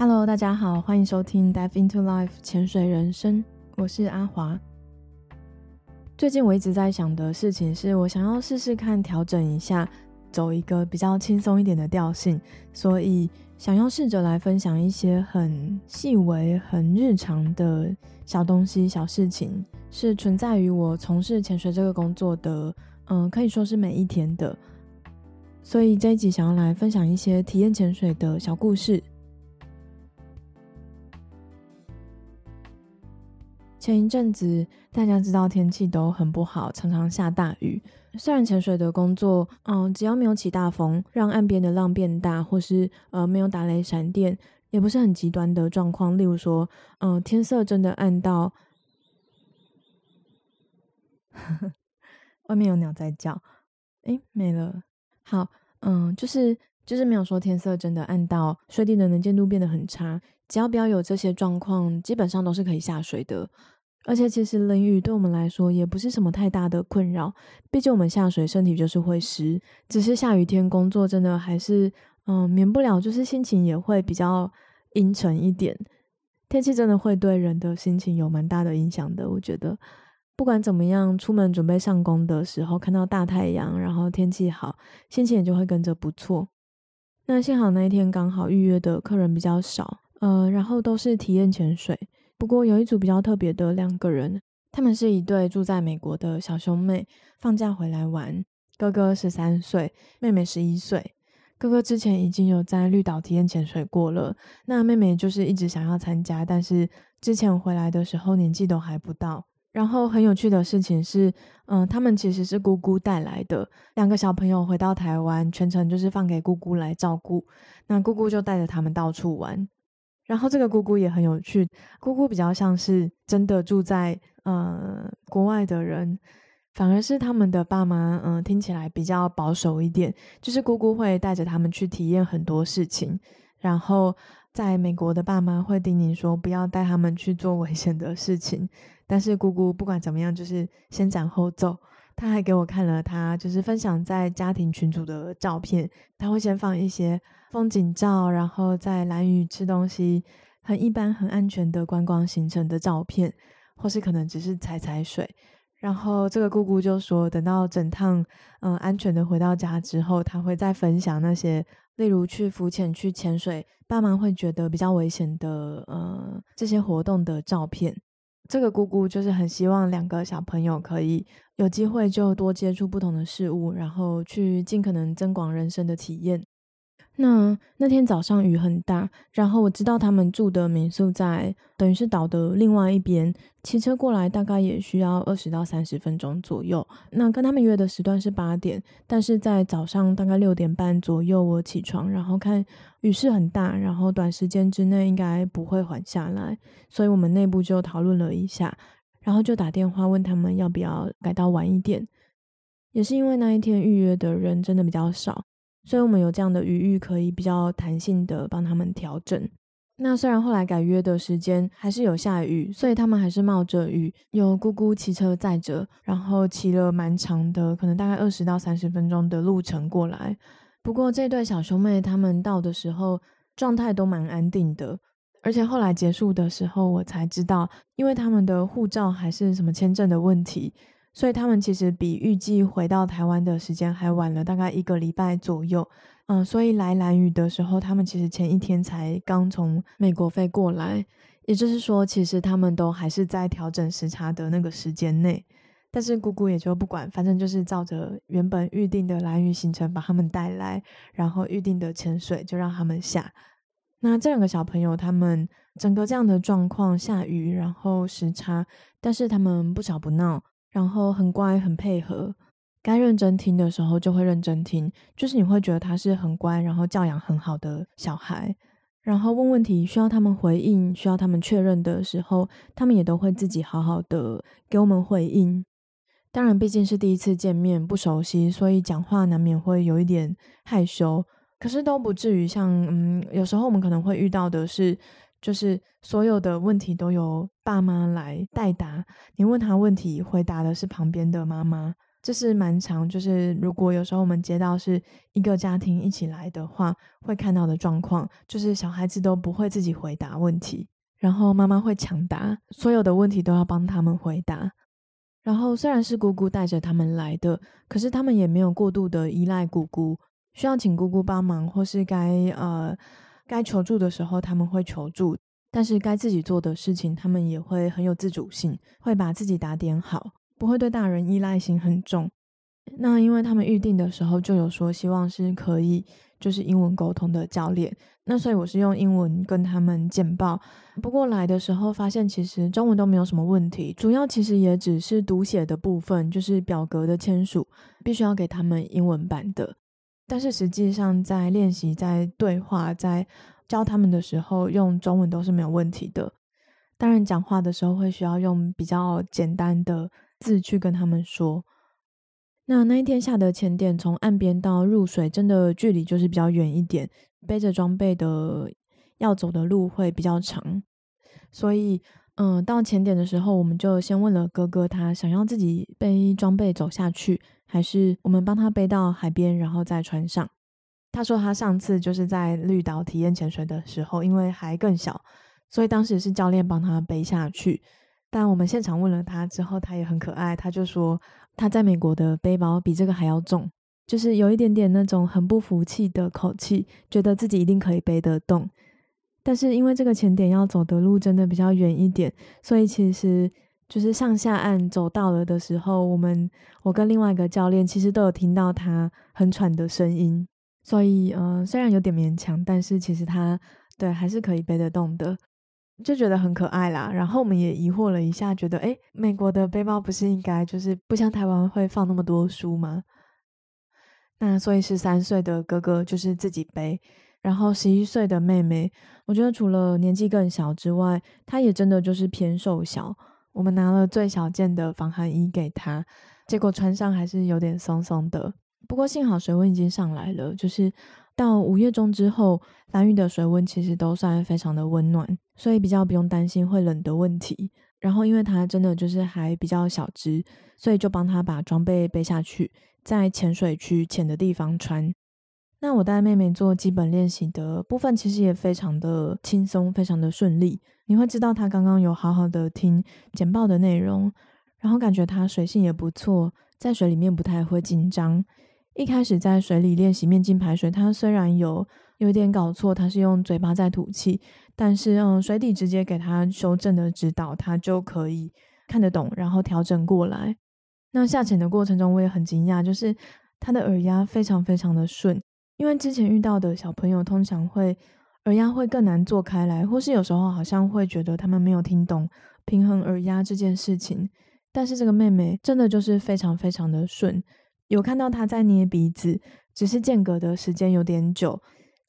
Hello，大家好，歡迎收聽《Dive Into Life》潛水人生，我是阿華。最近我一直在想的事情是，我想要試試看調整一下，走一個比較輕鬆一點的調性，所以想要試着來分享一些很細微、很日常的小東西、小事情，是存在於我從事潛水這個工作的，嗯、呃，可以說是每一天的。所以這一集想要來分享一些體驗潛水的小故事。前一陣子，大家知道天氣都很不好，常常下大雨。雖然潛水的工作，嗯、呃，只要沒有起大風，讓岸邊的浪變大，或是呃沒有打雷閃電，也不是很極端的狀況。例如說，嗯、呃，天色真的暗到， 外面有鳥在叫，哎，沒了。好，嗯、呃，就是。就是沒有說天色真的暗到水底的能見度變得很差，只要不要有這些狀況，基本上都是可以下水的。而且其實淋雨對我們來說也不是什麼太大的困擾，畢竟我們下水身體就是會濕，只是下雨天工作真的還是嗯，呃，免不了，就是心情也會比較陰沉一點。天氣真的會對人的心情有蠻大的影響的，我覺得不管怎麼樣，出門準備上工的時候看到大太陽，然後天氣好，心情也就會跟着不錯。那幸好那一天剛好預約的客人比較少，呃，然後都是體驗潛水。不過有一組比較特別的兩個人，他們是一對住在美國的小兄妹，放假回來玩。哥哥十三歲，妹妹十一歲。哥哥之前已經有在綠島體驗潛水過了，那妹妹就是一直想要參加，但是之前回來的時候年紀都還不到。然後很有趣的事情是，嗯、呃，他們其實是姑姑帶來的兩個小朋友回到台灣，全程就是放給姑姑來照顧。那姑姑就帶着他們到處玩。然後這個姑姑也很有趣，姑姑比較像是真的住在呃國外的人，反而是他們的爸媽，嗯、呃，聽起來比較保守一點。就是姑姑會帶着他們去體驗很多事情，然後在美國的爸媽會叮嚀說不要帶他們去做危險的事情。但是姑姑不管怎麼樣，就是先斬後奏。他還給我看了他就是分享在家庭群組的照片。他會先放一些風景照，然後在蘭嶼吃東西，很一般、很安全的觀光行程的照片，或是可能只是踩踩水。然後這個姑姑就說，等到整趟嗯、呃、安全的回到家之後，他會再分享那些例如去浮潛、去潛水、爸媽會覺得比較危險的呃這些活動的照片。這個姑姑就是很希望兩個小朋友可以有機會，就多接觸不同的事物，然後去盡可能增廣人生的體驗。那那天早上雨很大，然後我知道他們住的民宿在等於是島的另外一邊，騎車過來大概也需要二十到三十分鐘左右。那跟他們約的時段是八點，但是在早上大概六點半左右我起床，然後看雨勢很大，然後短時間之內應該不會緩下來，所以我們內部就討論了一下，然後就打電話問他們要不要改到晚一點。也是因為那一天預約的人真的比較少。所以，我們有這樣的餘裕，可以比較彈性的幫他們調整。那雖然後來改約的時間還是有下雨，所以他們還是冒着雨，由姑姑騎車載着，然後騎了蠻長的，可能大概二十到三十分鐘的路程過來。不過，這對小兄妹他們到的時候狀態都蠻安定的，而且後來結束的時候，我才知道，因為他們的護照還是什麼簽證的問題。所以他們其實比預計回到台灣的時間還晚了大概一個禮拜左右，嗯，所以來蘭嶼的時候，他們其實前一天才剛從美國飛過來，也就是說，其實他們都還是在調整時差的那個時間內。但是姑姑也就不管，反正就是照着原本預定的蘭嶼行程把他們帶來，然後預定的潛水就讓他們下。那這兩個小朋友，他們整個這樣的狀況，下雨，然後時差，但是他們不吵不鬧。然後很乖很配合，該認真聽的時候就會認真聽，就是你會覺得他是很乖，然後教養很好的小孩。然後問問題需要他們回應，需要他們確認的時候，他們也都會自己好好的給我們回應。當然，畢竟是第一次見面，不熟悉，所以講話難免會有一點害羞，可是都不至於像，嗯，有時候我們可能會遇到的是。就是所有的問題都由爸媽來代答，你問他問題，回答的是旁邊的媽媽。這是蠻常，就是如果有時候我們接到是一個家庭一起來的話，會看到的狀況，就是小孩子都不會自己回答問題，然後媽媽會搶答，所有的問題都要幫他們回答。然後雖然是姑姑帶着他們來的，可是他們也沒有過度的依賴姑姑，需要請姑姑幫忙，或是該呃。該求助的時候，他們會求助，但是該自己做的事情他們也會很有自主性，會把自己打點好，不會對大人依賴性很重。那因為他們預定的時候就有說希望是可以就是英文溝通的教練，那所以我是用英文跟他們簡報。不過來的時候發現其實中文都沒有什麼問題，主要其實也只是讀寫的部分，就是表格的簽署必須要給他們英文版的。但是實際上，在練習、在對話、在教他們的時候，用中文都是沒有問題的。當然，講話的時候會需要用比較簡單的字去跟他們說。那那一天下的潛點，從岸邊到入水，真的距離就是比較遠一點，背着裝備的要走的路會比較長。所以，嗯，到潛點的時候，我們就先問了哥哥，他想要自己背裝備走下去，還是我們幫他背到海邊，然後再穿上。他說他上次就是在綠島體驗潛水的時候，因為還更小，所以當時是教練幫他背下去。但我們現場問了他之後，他也很可愛，他就說他在美國的背包比這個還要重，就是有一點點那種很不服氣的口氣，覺得自己一定可以背得動。但是因為這個潛點要走的路真的比較遠一點，所以其實就是上下岸走到了的時候，我們我跟另外一個教練其實都有聽到他很喘的聲音，所以嗯、呃，雖然有點勉強，但是其實他對還是可以背得動的，就覺得很可愛啦。然後我們也疑惑了一下，覺得誒美國的背包不是應該就是不像台灣會放那麼多書嗎？那所以十三歲的哥哥就是自己背，然後十一歲的妹妹，我覺得除了年紀更小之外，她也真的就是偏瘦小。我們拿了最小件的防寒衣給他，結果穿上還是有點鬆鬆的。不過幸好水溫已經上來了，就是到五月中之後，蘭嶼的水溫其實都算非常的溫暖，所以比較不用擔心會冷的問題。然後因為他真的就是還比較小隻，所以就幫他把裝備背下去，在淺水區淺的地方穿。那我帶妹妹做基本練習的部分，其實也非常的輕鬆，非常的順利。你會知道她剛剛有好好的聽簡報的內容，然後感覺她水性也不錯，在水裡面不太會緊張。一開始在水裡練習面鏡排水，她雖然有有點搞錯，她是用嘴巴在吐氣，但是嗯，水底直接給她修正的指導，她就可以看得懂，然後調整過來。那下潛的過程中，我也很驚訝，就是她的耳壓非常非常的順。因為之前遇到的小朋友通常會耳壓會更難做開來，或是有時候好像會覺得他們沒有聽懂平衡耳壓這件事情。但是這個妹妹真的就是非常非常的順，有看到她在捏鼻子，只是間隔的時間有點久，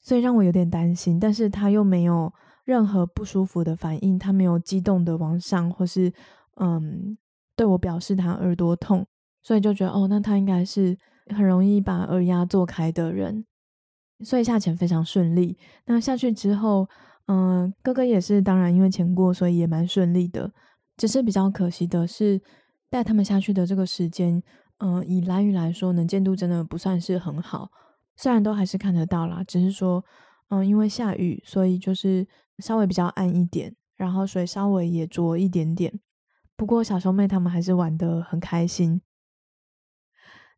所以讓我有點擔心。但是她又沒有任何不舒服的反應，她沒有激動的往上，或是，嗯，對我表示她耳朵痛，所以就覺得哦，那她應該是很容易把耳壓做開的人。所以下潛非常順利。那下去之後，嗯，哥哥也是，當然因為潛過，所以也蠻順利的。只是比較可惜的是，帶他們下去的這個時間，嗯，以藍魚來說，能見度真的不算是很好。雖然都還是看得到啦，只是說，嗯，因為下雨，所以就是稍微比較暗一點，然後水稍微也濁一點點。不過小兄妹他們還是玩得很開心。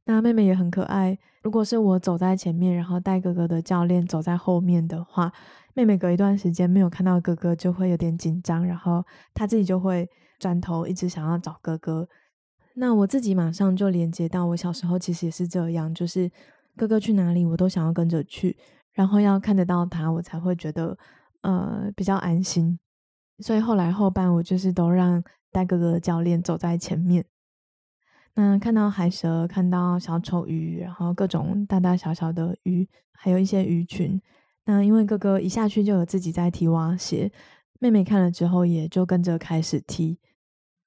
那妹妹也很可愛。如果是我走在前面，然後帶哥哥的教練走在後面的話，妹妹隔一段時間沒有看到哥哥，就會有點緊張，然後她自己就會轉頭一直想要找哥哥。那我自己馬上就連接到我小時候，其實也是這樣，就是哥哥去哪裡，我都想要跟着去，然後要看得到他，我才會覺得呃比較安心。所以後來後半我就是都讓帶哥哥的教練走在前面。那看到海蛇，看到小丑魚，然後各種大大小小的魚，還有一些魚群。那因為哥哥一下去就有自己在踢蛙鞋，妹妹看了之後也就跟着開始踢。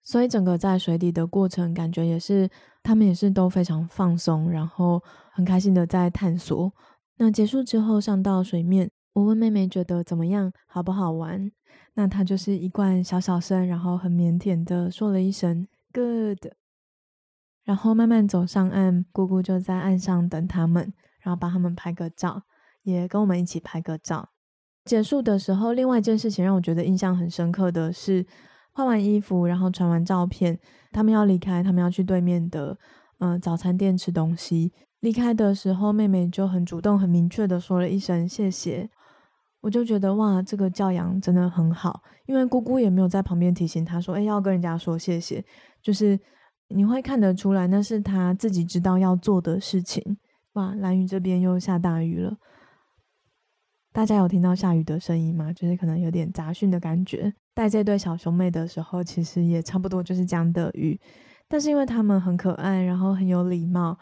所以整個在水底的過程，感覺也是他們也是都非常放鬆，然後很開心的在探索。那結束之後上到水面，我問妹妹覺得怎麼樣，好不好玩？那她就是一貫小小聲，然後很靦腆的說了一聲 “good”。然後慢慢走上岸，姑姑就在岸上等他們，然後幫他們拍個照，也跟我們一起拍個照。結束的時候，另外一件事情讓我覺得印象很深刻的是，換完衣服，然後傳完照片，他們要離開，他們要去對面的嗯、呃、早餐店吃東西。離開的時候，妹妹就很主動、很明確地說了一聲謝謝。我就覺得哇，這個教養真的很好，因為姑姑也沒有在旁邊提醒她說，誒、欸，要跟人家說謝謝，就是。你會看得出來，那是他自己知道要做的事情。哇，蘭嶼這邊又下大雨了，大家有聽到下雨的聲音嗎？就是可能有點雜訊的感覺。帶這對小兄妹的時候，其實也差不多就是這樣的雨，但是因為他們很可愛，然後很有禮貌，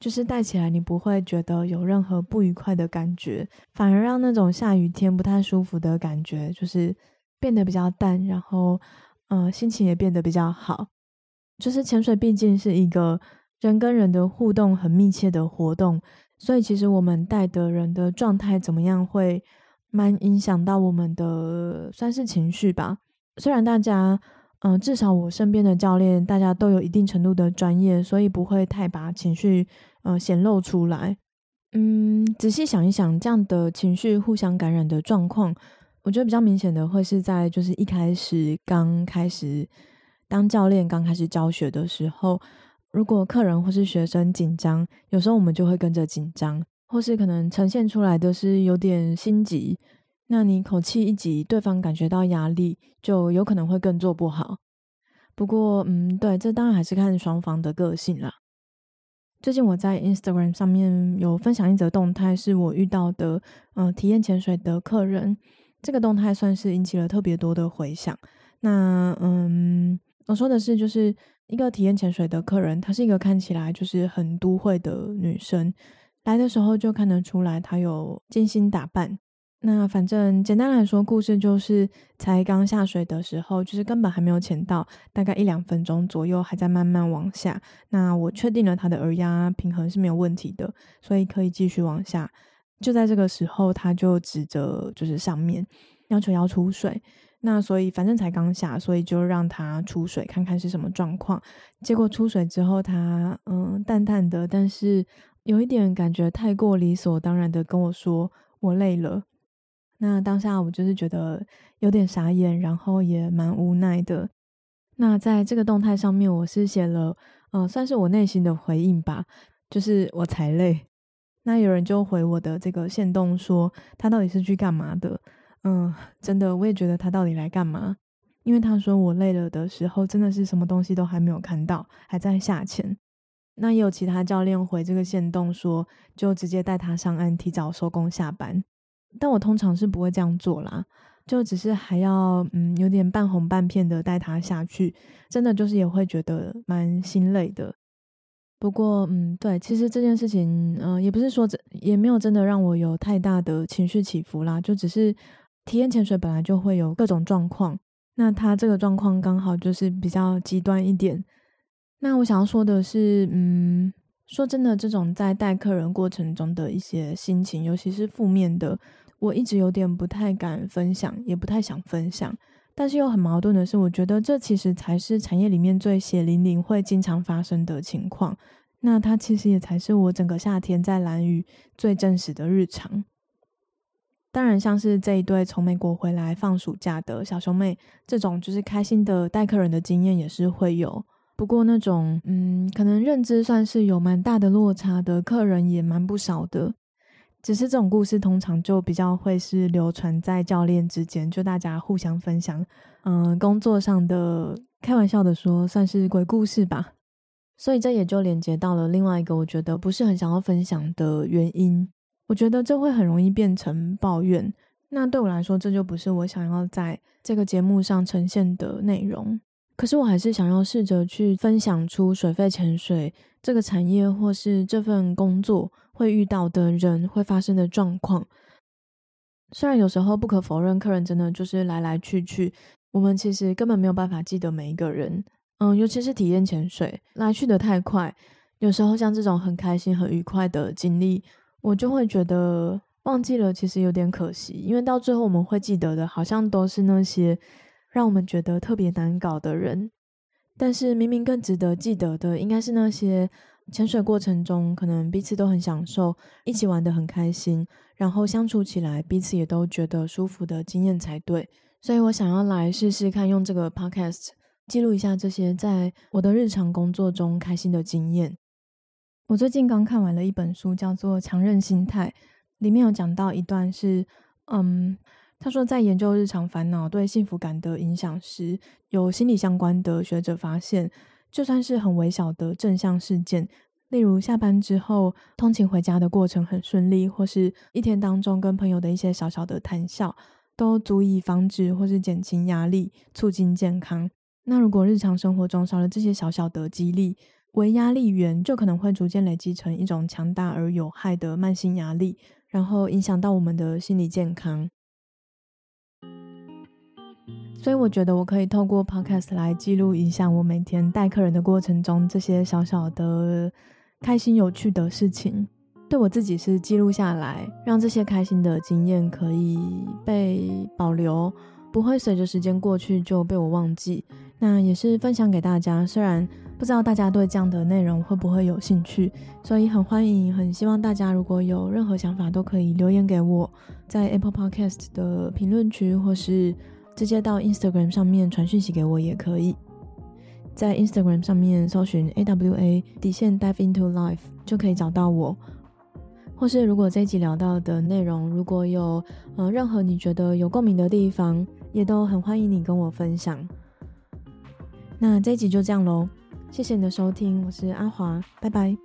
就是帶起來你不會覺得有任何不愉快的感覺，反而讓那種下雨天不太舒服的感覺，就是變得比較淡，然後嗯、呃，心情也變得比較好。就是潛水畢竟是一個人跟人的互動很密切的活動，所以其實我們帶的人的狀態怎麼樣，會蠻影響到我們的算是情緒吧。雖然大家，嗯、呃，至少我身邊的教練，大家都有一定程度的專業，所以不會太把情緒，嗯、呃，顯露出來。嗯，仔細想一想，這樣的情緒互相感染的狀況，我覺得比較明顯的會是在就是一開始剛開始。當教練剛開始教學的時候，如果客人或是學生緊張，有時候我們就會跟着緊張，或是可能呈現出來的是有點心急。那你口氣一急，對方感覺到壓力，就有可能會更做不好。不過，嗯，對，這當然還是看雙方的個性啦。最近我在 Instagram 上面有分享一則動態，是我遇到的嗯、呃、體驗潛水的客人。這個動態算是引起了特別多的回響。那，嗯。我說的是，就是一個體驗潛水的客人，她是一個看起來就是很都會的女生，來的時候就看得出來她有精心打扮。那反正簡單來說，故事就是才剛下水的時候，就是根本還沒有潛到，大概一兩分鐘左右，還在慢慢往下。那我確定了她的耳壓平衡是沒有問題的，所以可以繼續往下。就在這個時候，她就指着就是上面要求要出水。那所以反正才剛下，所以就讓他出水看看是什麼狀況。結果出水之後他，他、呃、嗯淡淡的，但是有一點感覺太過理所當然的跟我說，我累了。那當下我就是覺得有點傻眼，然後也蠻無奈的。那在這個動態上面，我是寫了嗯、呃，算是我內心的回應吧，就是我才累。那有人就回我的這個限動說，他到底是去幹嘛的？嗯，真的，我也覺得他到底來幹嘛？因為他說我累了的時候，真的是什麼東西都還沒有看到，還在下潛。那也有其他教練回這個限動說，就直接帶他上岸，提早收工下班。但我通常是不會這樣做啦，就只是還要嗯，有點半哄半騙的帶他下去，真的就是也會覺得蠻心累的。不過嗯，對，其實這件事情嗯、呃，也不是說這，也沒有真的讓我有太大的情緒起伏啦，就只是。體驗潛水本來就會有各種狀況，那他這個狀況剛好就是比較極端一點。那我想要說的是，嗯，說真的，這種在帶客人過程中的一些心情，尤其是負面的，我一直有點不太敢分享，也不太想分享。但是又很矛盾的是，我覺得這其實才是產業裡面最血淋淋、會經常發生的情況。那它其實也才是我整個夏天在蘭嶼最真實的日常。當然，像是這一對從美國回來放暑假的小兄妹，這種就是開心的帶客人的經驗也是會有。不過那種嗯，可能認知算是有蠻大的落差的，客人也蠻不少的。只是這種故事通常就比較會是流傳在教練之間，就大家互相分享。嗯、呃，工作上的開玩笑的說，算是鬼故事吧。所以這也就連接到了另外一個，我覺得不是很想要分享的原因。我覺得這會很容易變成抱怨。那對我來說，這就不是我想要在這個節目上呈現的內容。可是，我還是想要試着去分享出水肺潛水這個產業或是這份工作會遇到的人、會發生的狀況。雖然有時候不可否認，客人真的就是來來去去，我們其實根本沒有辦法記得每一個人。嗯，尤其是體驗潛水，來去得太快，有時候像這種很開心、很愉快的經歷。我就會覺得忘記了，其實有點可惜，因為到最後我們會記得的，好像都是那些讓我們覺得特別難搞的人。但是明明更值得記得的，應該是那些潛水過程中可能彼此都很享受，一起玩得很開心，然後相處起來彼此也都覺得舒服的經驗才對。所以我想要來試試看，用這個 podcast 記錄一下這些在我的日常工作中開心的經驗。我最近剛看完了一本書，叫做《強韌心態》，裡面有講到一段是，嗯，他說在研究日常煩惱對幸福感的影響時，有心理相關的學者發現，就算是很微小的正向事件，例如下班之後通勤回家的過程很順利，或是一天當中跟朋友的一些小小的談笑，都足以防止或是減輕壓力，促進健康。那如果日常生活中少了這些小小的激勵，為壓力源，就可能會逐漸累積成一種強大而有害的慢性壓力，然後影響到我們的心理健康。所以，我覺得我可以透過 Podcast 來記錄一下我每天帶客人的過程中這些小小的開心、有趣的事情，對我自己是記錄下來，讓這些開心的經驗可以被保留，不會隨着時間過去就被我忘記。那也是分享給大家，雖然不知道大家對這樣的內容會不會有興趣，所以很歡迎，很希望大家如果有任何想法都可以留言給我，在 Apple Podcast 的評論區，或是直接到 Instagram 上面傳訊息給我也可以，在 Instagram 上面搜尋 AWA 底線 Dive Into Life 就可以找到我，或是如果這一集聊到的內容如果有呃任何你覺得有共鳴的地方，也都很歡迎你跟我分享。那這一集就這樣嘍，謝謝你的收聽，我是阿華，拜拜。